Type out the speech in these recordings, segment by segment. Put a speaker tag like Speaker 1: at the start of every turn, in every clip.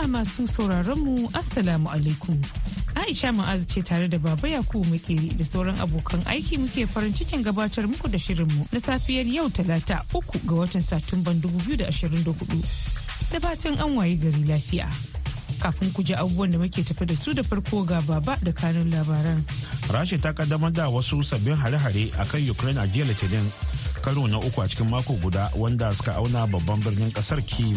Speaker 1: jama'a masu sauraronmu assalamu alaikum aisha ma'azu ce tare da baba yakubu muke da sauran abokan aiki muke farin cikin gabatar muku da shirinmu na safiyar yau talata uku ga watan satumban 2024 da fatan an waye gari lafiya kafin ku ji abubuwan da muke tafi da su da farko ga baba da kanun labaran
Speaker 2: rasha ta kaddamar da wasu sabbin hare-hare akan ukraine a jiya litinin karo na uku a cikin mako guda wanda suka auna babban birnin kasar kiev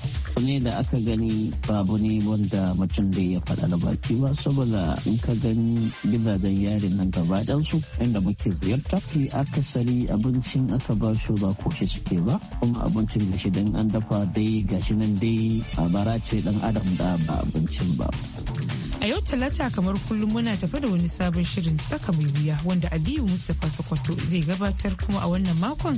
Speaker 2: ne da aka gani babu ne wanda mutum da ya faɗa da baki ba saboda in ka gani gidajen yarin nan gaba su inda muke ziyarta fi akasari abincin aka ba shi ba koshi suke ba kuma abincin da shi dan an dafa dai gashi nan dai a bara ce dan adam da ba abincin ba
Speaker 1: a yau talata kamar kullum muna tafi da wani sabon shirin tsaka mai wuya wanda aliyu mustapha sokoto zai gabatar kuma a wannan makon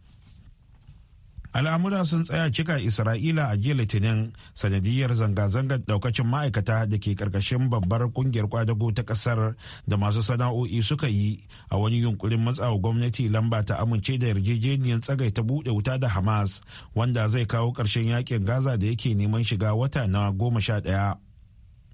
Speaker 2: al'amura sun tsaya cika isra'ila a jiya litinin sanadiyyar zanga-zangar daukacin ma'aikata da ke karkashin babbar kungiyar kwadago ta kasar da masu sana'o'i suka yi a wani yunkurin matsawa gwamnati lamba ta amince da yarjejeniyar tsagaita buɗe wuta da hamas wanda zai kawo ƙarshen yakin gaza da yake neman shiga wata na goma sha ɗaya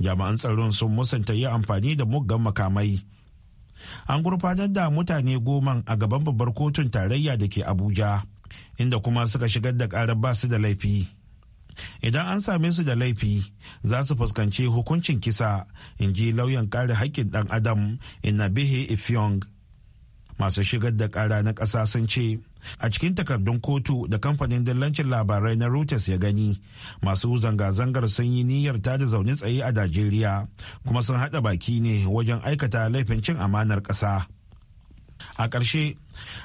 Speaker 2: jami'an tsaron sun musanta yi amfani da muggan makamai an gurfanar da mutane goma a gaban babbar kotun tarayya da ke abuja inda kuma suka shigar da karar basu da laifi idan an same su da laifi za su fuskanci hukuncin kisa in ji lauyan kare haƙƙin ɗan adam bihe ifiong masu shigar da ƙara na ƙasa sun ce a cikin takardun kotu da kamfanin dillancin labarai na reuters ya gani masu zanga-zangar sun yi niyyar ta da zaune tsaye a najeriya kuma sun haɗa baki ne wajen aikata laifin cin amanar ƙasa a ƙarshe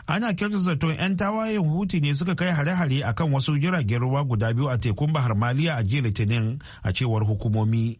Speaker 2: ana kyautar zaton 'yan tawayen huti ne suka kai hare-hare a kan wasu jiragen ruwa guda biyu a tekun bahar maliya a jiya litinin a cewar hukumomi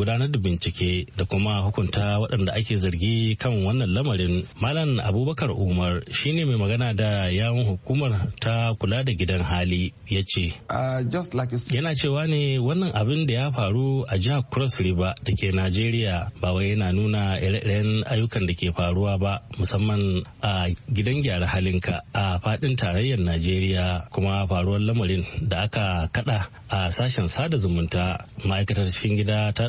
Speaker 3: gudanar da bincike da kuma hukunta waɗanda ake zargi kan wannan lamarin malam abubakar umar shine mai magana da yawun hukumar ta kula da gidan hali ya ce uh, yana cewa ne wannan abin da ya faru a jihar cross river da ke najeriya ba wai yana nuna ire-iren ayyukan da ke faruwa ba musamman a gidan gyara halinka a faɗin tarayyar najeriya kuma faruwar lamarin da aka kada a sashen sada zumunta ma'aikatar cikin gida ta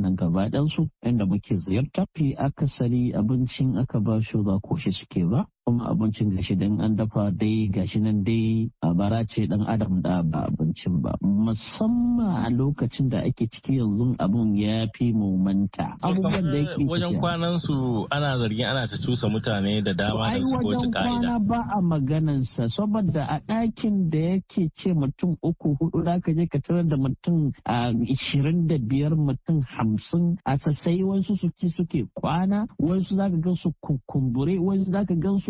Speaker 2: nan gaba ɗansu inda muke ziyarta fi akasari abincin aka ba shi ba koshi suke ba kuma abincin gashi dan an dafa dai gashi nan dai a bara ce dan adam da ba abincin ba musamman a lokacin da ake ciki yanzu abun ya fi mumanta abubuwan da yake wajen
Speaker 3: kwanan su ana zargin ana ta cusa mutane da dama da su wajen ka'ida
Speaker 4: ba a maganan sa saboda a ɗakin da yake ce mutum uku hudu
Speaker 2: ka je ka tarar da mutum a ishirin da biyar mutum hamsin a sassai wasu su ci suke kwana wasu zaka gan su kukumbure wasu zaka gan su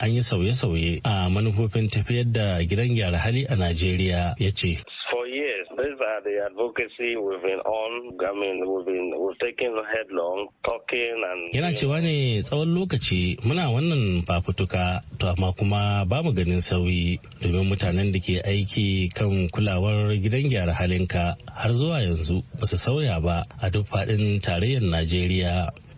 Speaker 3: an yi sauye-sauye a manufofin tafiyar da gidan gyara hali a Najeriya ya ce. the advocacy been on. taken talking Yana cewa ne tsawon lokaci muna wannan fafutuka to amma kuma ba mu ganin sauyi domin mutanen da ke aiki kan kulawar gidan gyara halinka har zuwa yanzu ba su sauya ba a duk faɗin tarayyar Najeriya.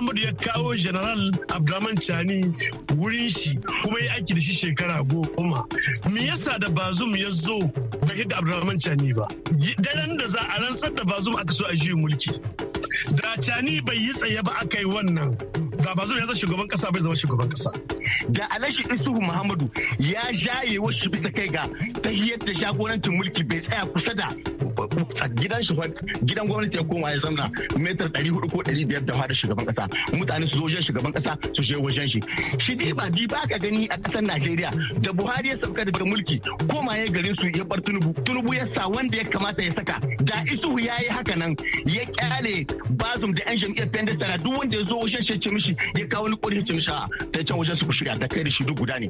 Speaker 5: Muhammadu ya kawo General Abdulrahman Chani wurin shi kuma ya aiki da shi shekara goma. Me yasa da Bazum ya zo bai ga Abdulrahman Chani ba? Daren da za a rantsar da Bazum aka so a juyin mulki. Da Chani bai yi tsaye ba aka yi wannan. ga bazum ya shugaban kasa bai zama shugaban kasa da alashi isuhu
Speaker 6: muhammadu ya jaye wasu bisa kai ga ta yadda jagorancin mulki bai tsaya kusa da gidan shi gidan gwamnati ya koma ya zamna metar 400 ko 500 da fara shugaban kasa mutane su zo wajen shugaban kasa su je wajen shi shi dai ba di baka gani a kasar Najeriya da Buhari ya sauka daga mulki koma ya garin su ya bar Tunubu Tunubu ya sa wanda ya kamata ya saka da Isuhu yayi haka nan ya kyale Bazum da yan jam'iyyar Pendestara duk wanda ya zo wajen shi ya ce mishi shi ya kawo wani ƙorafin sa ta can wajen su ku shirya da kai da shi duk guda ne.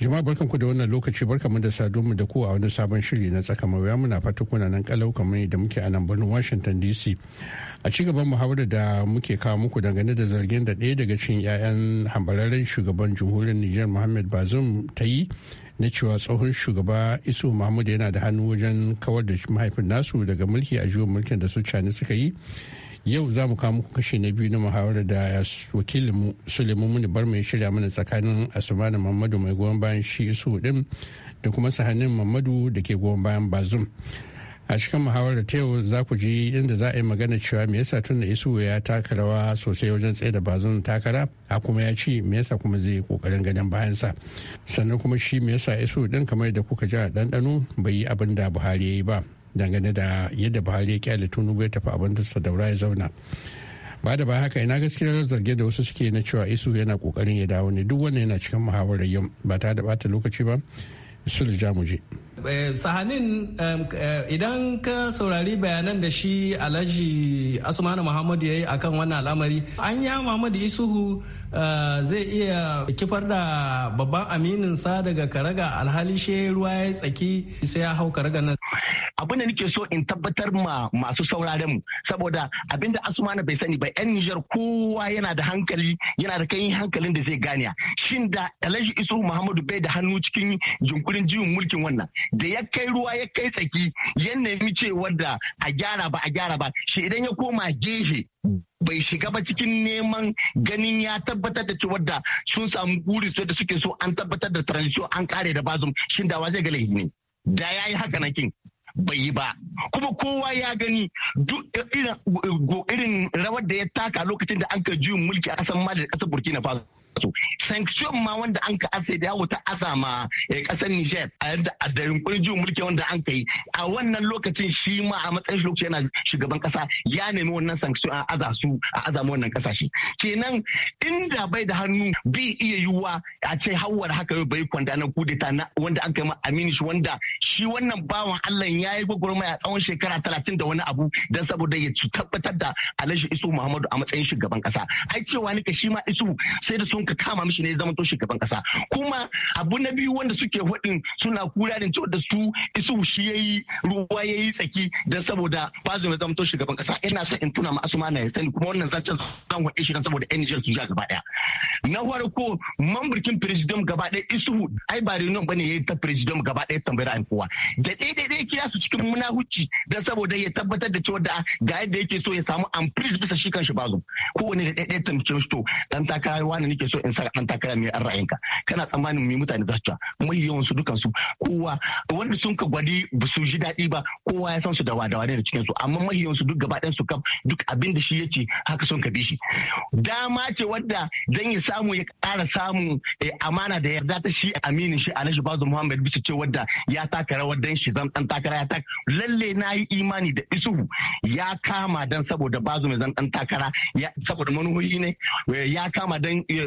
Speaker 7: jama'a barkan ku da wannan lokaci barkan da sadu mu da ku a wani sabon shiri na tsaka wuya muna fata kuna nan kalau kamar da muke a nan birnin washington dc a ci gaban muhawarar da muke kawo muku dangane da zargin da ɗaya daga cikin 'ya'yan hambararren shugaban jamhuriyar niger muhammad bazoum ta yi na cewa tsohon shugaba isu mahmud yana da hannu wajen kawar da mahaifin nasu daga mulki a juyin mulkin da su cani suka yi yau za mu kawo muku kashe na biyu na muhawarar da wakilinmu suleiman muni bar mai shirya mana tsakanin asumana mahmadu mai goyon bayan shi isu din da kuma sahanin mahmadu da ke goyon bayan bazum a cikin muhawarar ta yau za ku ji inda za a yi magana cewa me yasa tun da isu ya taka rawa sosai wajen tsaye da bazon takara a kuma ya ci me yasa kuma zai kokarin ganin bayansa sannan kuma shi me yasa isu din kamar da kuka ji a ɗanɗano bai yi abin da buhari ya yi ba dangane da yadda buhari ya kyale tunubu ya tafi abin da daura ya zauna ba da ba haka ina gaskiyar zarge da wasu suke na cewa isu yana kokarin ya dawo ne duk wannan yana cikin muhawarar yau ba ta da bata lokaci ba sulja mu
Speaker 4: eh, sahanin eh, idan ka saurari bayanan da shi alhaji asmanu muhammadu ya yi a kan wannan al'amari an ya muhammadu isuhu eh, zai iya kifar da babban aminin sa daga karaga
Speaker 6: alhali shi ruwa ya tsaki sai ya hau karaga nan abin da nake so in tabbatar ma masu sauraren saboda abin da asumana bai sani ba yan Nijar kowa yana da hankali yana da kai hankalin da zai gane shin da Alhaji Isu Muhammadu bai da hannu cikin jinkurin jiwon mulkin wannan da ya kai ruwa ya kai tsaki ya nemi ce da a gyara ba a gyara ba shi idan ya koma gehe bai shiga ba cikin neman ganin ya tabbatar da cewa da sun samu guri su da suke so an tabbatar da transition an kare da bazum shin da wa zai ga laifi ne da ya yi haka nakin bai yi ba kuma kowa ya gani duk irin rawar da ya taka lokacin da an ka juyin mulki a ƙasar mali da kasar burkina faso su sanction ma wanda an ka ase da yawo ta azama kasar eh, Niger a yadda a da mulki wanda an kai a wannan lokacin shi ma a matsayin shi lokaci yana shugaban kasa ya nemi wannan sanction a aza a azama wannan kasashe kenan inda bai da hannu bi iya yiwuwa a ce hawar haka bai kwanda na kudeta na wanda an kai ma amini shi wanda shi wannan bawan Allah ya yi gwagwarmaya tsawon shekara talatin da wani abu don saboda ya tabbatar da Alhaji Isu Muhammadu a matsayin shugaban kasa ai cewa nika shi ma Isu sai da sun Ka kama mishi ne zama to shugaban kasa kuma abu na biyu wanda suke hudin suna kura da cewa da su isu shi yayi ruwa yayi tsaki dan saboda bazum ya zama to shugaban kasa ina sa in tuna ma asuma na sani kuma wannan zancen zan hudin shi dan saboda NGL su ja gaba daya na farko mamburkin president gaba daya isu ai ba rinon bane yayi ta president gaba daya tambayar an kowa da daidai dai kira su cikin munahuci dan saboda ya tabbatar da cewa da ga yadda yake so ya samu amprise bisa shi kanshi bazum kowane da daidai tambayar shi to dan takarawa ne nake so in sa an takara mai an ra'ayinka kana tsammanin mai mutane za su ta mai yawan su dukansu kowa wanda sun ka gwadi ba su ji daɗi ba kowa ya san su da wadawa da cikin su amma mai yawan su duk gaba ɗayan su kam duk abin da shi yake haka sun ka bi shi dama ce wadda dan ya samu ya ƙara samu eh, amana da yarda ta shi aminin shi a nashi Bazu Muhammad bisa ce wadda ya taka rawar dan shi zan dan takara ya tak lalle na yi imani da isu ya kama dan saboda Bazu mai zan dan takara saboda manuhoyi ne eh, ya kama dan eh,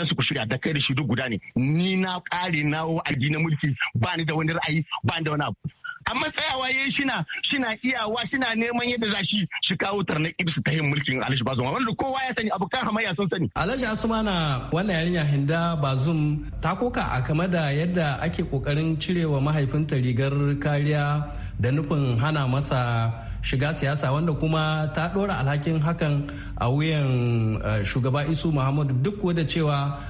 Speaker 6: wajen su ku shirya da kai da shi duk guda ne ni na kare na wa'adi na mulki ba ni da wani ra'ayi ba ni da wani abu amma tsayawa yayi shina shina iyawa shina neman yadda za shi shi kawo tarnar ibsu ta yin mulkin Alhaji Bazum wanda kowa ya sani abokan
Speaker 4: hamayya sun sani Alhaji Asmana wannan yarinya Hinda Bazum ta koka a kama da yadda ake kokarin cirewa mahaifinta rigar kariya da nufin hana masa shiga siyasa wanda kuma ta dora alhakin hakan a wuyan eh, shugaba Isu Muhammadu duk da cewa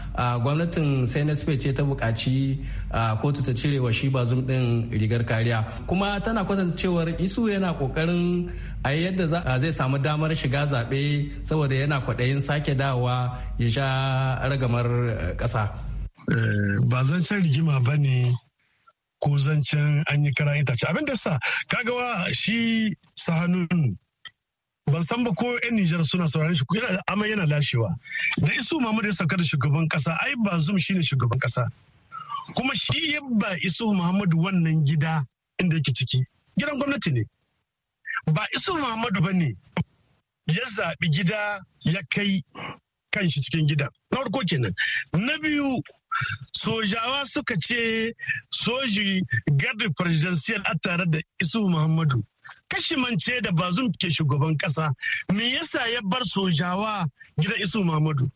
Speaker 4: gwamnatin spain ce ta buƙaci kotu ta cire wa shi bazum din rigar kariya kuma tana kwatanta cewar isu yana ƙoƙarin a yadda zai samu damar shiga zaɓe saboda yana kwaɗayin sake dawowa ya sha ragamar eh, ƙasa.
Speaker 5: Eh, ba zancen rigima ba ne ko zancen an yi kara itace abin
Speaker 4: da sa kagawa shi
Speaker 5: sahanun ban san ba ko yan Nijar suna sauraron shi yana amma yana lashewa da isu Muhammad ya sauka da shugaban kasa ai ba zum shine shugaban kasa kuma shi ya ba isu Muhammad wannan gida inda yake ciki gidan gwamnati ne ba isu Muhammadu ba ne ya zaɓi gida ya kai kan shi cikin gida na farko kenan na biyu sojawa suka ce soji gadi presidential a tare da isu Muhammadu kashimance da bazum ke shugaban kasa me yasa ya bar sojawa gidan isu muhammadu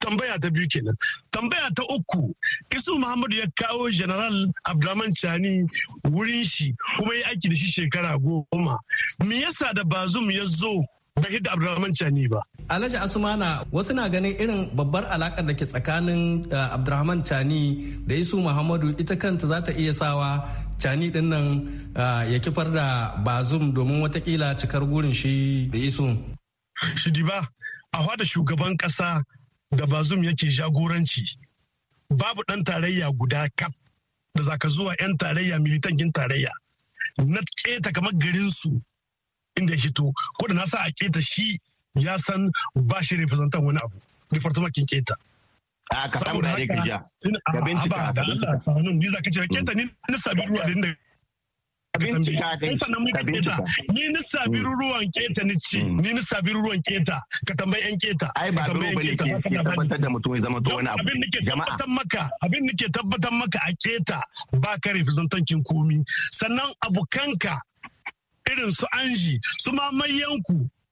Speaker 5: tambaya ta biyu kenan tambaya ta uku isu muhammadu ya kawo general abdulrahman chani wurin shi kuma ya aiki da shi shekara
Speaker 4: goma me yasa da bazum ya zo da hidda abdulrahman chani ba alhaji asumana wasu na ganin irin babbar alakar da ke tsakanin eh, abdulrahman chani da isu muhammadu ita kanta za ta iya sawa cani din nan ah, ya kifar da bazum domin watakila cikar gurin shi da iso. Shidiba, a hada
Speaker 5: shugaban kasa da bazum yake jagoranci babu ɗan tarayya guda kaf da zaka zuwa 'yan tarayya militankin tarayya na keta kamar garinsu inda ya hito ko da na sa a keta shi ya san ba shi representan wani abu department kin keta.
Speaker 6: a ka samu da ka ja ka bincika da
Speaker 5: Allah sanun ni zaka ce kenta mm. ni na sabi ruwa din da ka bincika kai keta ni na sabi mm. ruwan keta ni ci mm. ni na sabi ruwan keta ka tambayi yan keta ai ba dole bane ke tabbatar da mutum ya zama to wani abu jama'a abin maka abin nake tabbatar maka a keta ba ka representantin komi sannan abukanka irin su anji su mamayyanku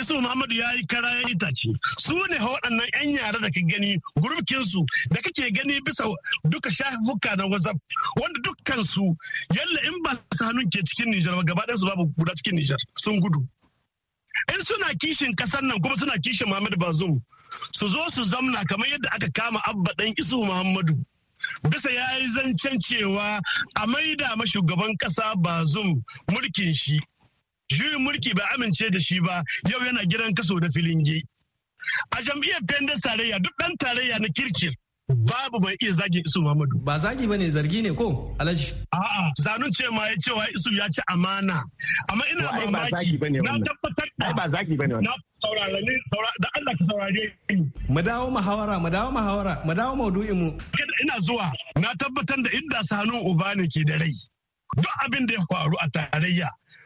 Speaker 5: Isu Muhammadu ya yi kara ya itace su ne waɗannan 'yan yara da ka gani gurbikinsu da kake gani bisa duka shafuka na WhatsApp wanda dukkansu yalla in ba su hannun ke cikin Nijar ba gaba su babu guda cikin Nijar sun gudu. In suna kishin ƙasar nan kuma suna kishin Muhammadu Bazum su zo su zamna kamar yadda aka kama abba ɗan Isu Muhammadu. bisa ya yi zancen cewa a maida shugaban ƙasa Bazum mulkin shi. juyin mulki bai amince da shi ba yau yana gidan kaso da filingi a jam'iyyar pendas tarayya duk dan tarayya na kirkir babu mai iya zagin isu Muhammadu. Ba zagi ba ne zargi ne ko alaji. A'a zanun ce ma ya cewa isu ya ci amana. Amma ina mamaki na tabbatar da. ba zagi ba ne wannan. da Allah ka saurare ni. Mu dawo muhawara mu dawo muhawara mu dawo maudu'in mu. Ina zuwa na tabbatar da inda sanu uba ne ke da rai. Duk abin da ya faru a tarayya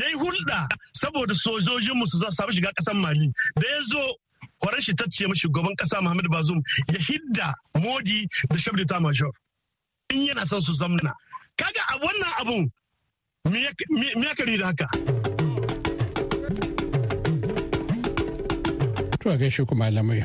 Speaker 5: ya yi hulɗa saboda sojojinmu su za su shiga ƙasar mali da ya zo kwaran shi tacce mashi shugaban ƙasa muhammadu bazum ya hidda modi da shabda ta major in yana son su zamna kaga a wannan abun me ya da
Speaker 7: haka to a gaishe kuma malamai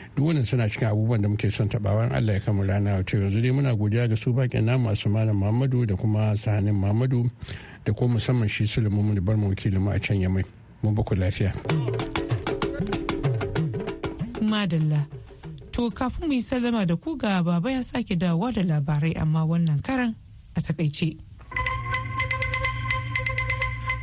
Speaker 7: duk wannan suna cikin abubuwan da muke son tabawan Allah ya kama rana wato yanzu dai muna godiya ga su bakin namu masu malam Muhammadu da kuma sahanin Muhammadu da kuma musamman shi Sulaiman da mu wakilin mu a can ya mai mun baku lafiya
Speaker 1: madalla to kafin mu yi sallama da ku ga baba ya sake dawowa da labarai amma wannan karan a takaice.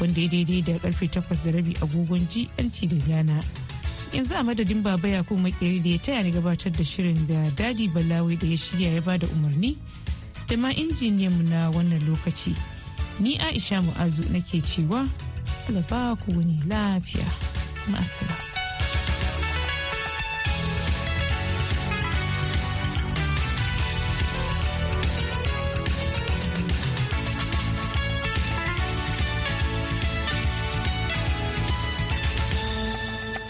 Speaker 1: wanda ya daidai da karfe takwas da rabi agogon GMT da Ghana. Yanzu a madadin Baba Yakubu Makeri da ya taya ni gabatar da shirin da Dadi Balawi da ya shirya ya bada umarni da ma mu na wannan lokaci. Ni Aisha Mu'azu nake cewa, Allah ku wani lafiya. Ma'asala.